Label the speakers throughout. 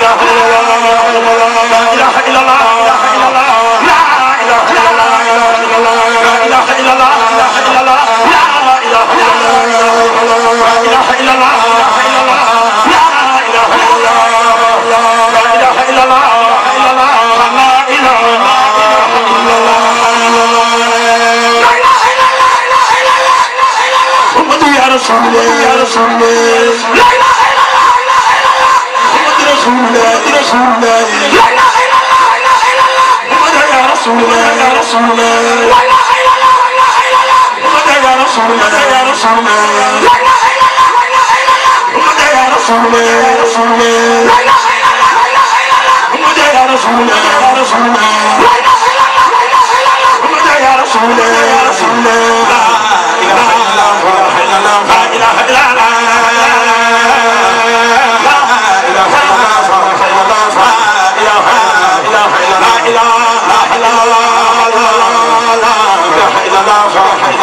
Speaker 1: رسول الله يا رسول الله لا اله رسول الله رسول الله لا اله الا الله لا اله الا الله محمد يا رسول الله يا رسول الله لا اله الا الله لا اله الا الله محمد يا رسول الله يا رسول الله لا اله الا الله لا اله الا الله محمد يا رسول الله يا رسول الله لا اله الا الله لا اله الا الله محمد يا رسول الله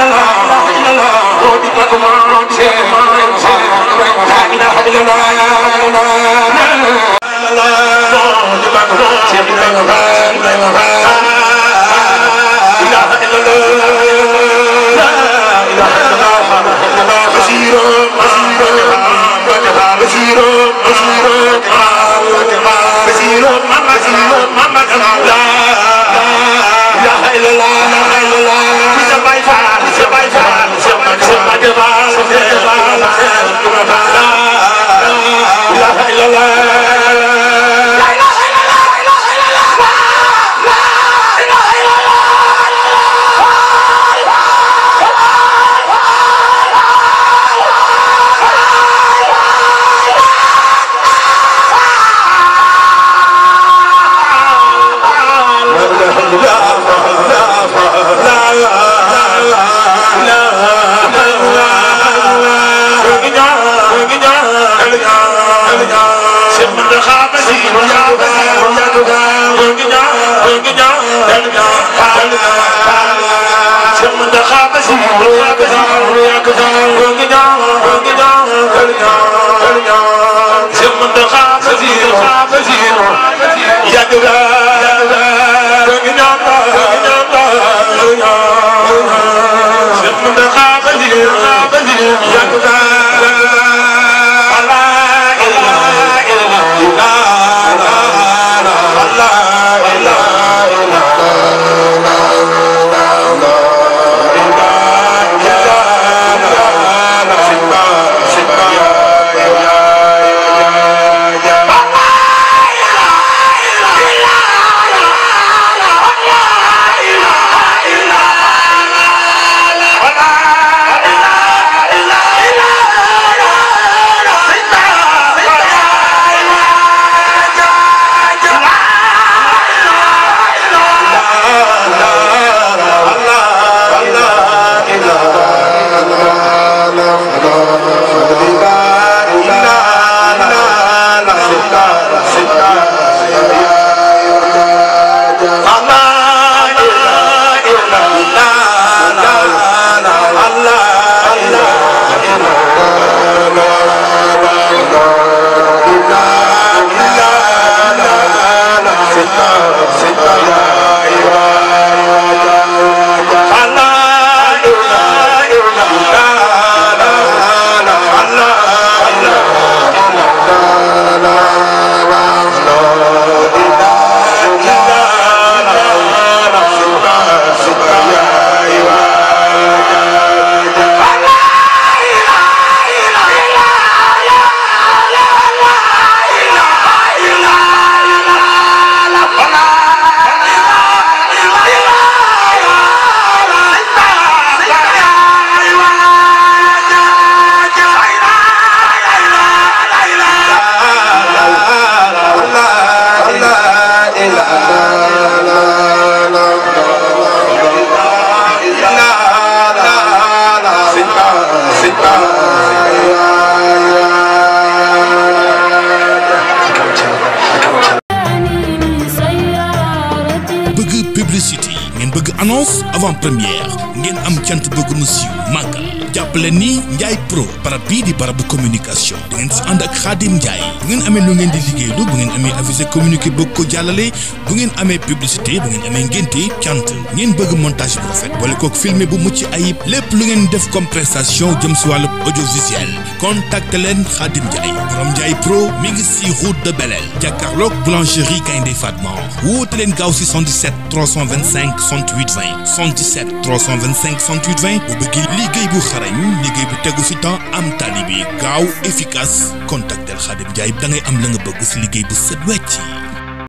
Speaker 1: Ibrahima Fall Ibrahima Fall the la הדחה, annonce avant première ngeen am cant bëgg mu siiw màggal jàpp leen ni Ndiaye Pro barab bii di barabu communication di ngeen si ànd ak Khadim Ndiaye bu ngeen amee lu ngeen di liggéeylu bu ngeen amee avisé communiqué bëgg ko jàllale bu ngeen amee publicité bu ngeen amee ngénte cant ngeen bëgg montage bu rafet boole kook filmé bu mucc ayib lépp lu ngeen def comme prestation jëm si wàllu audiovisuel contacte leen Khadim Ndiaye borom Ndiaye Pro mi ngi si route de Belel jàkkaarloog boulangerie Gaynde Fatma wóote leen gaaw si 77 325 xarañ liggéey bu tegu fi temps am tali bi gaaw efficace contactel Khadim Ndiaye da ngay am la nga bëgg si liggéey bu set wecc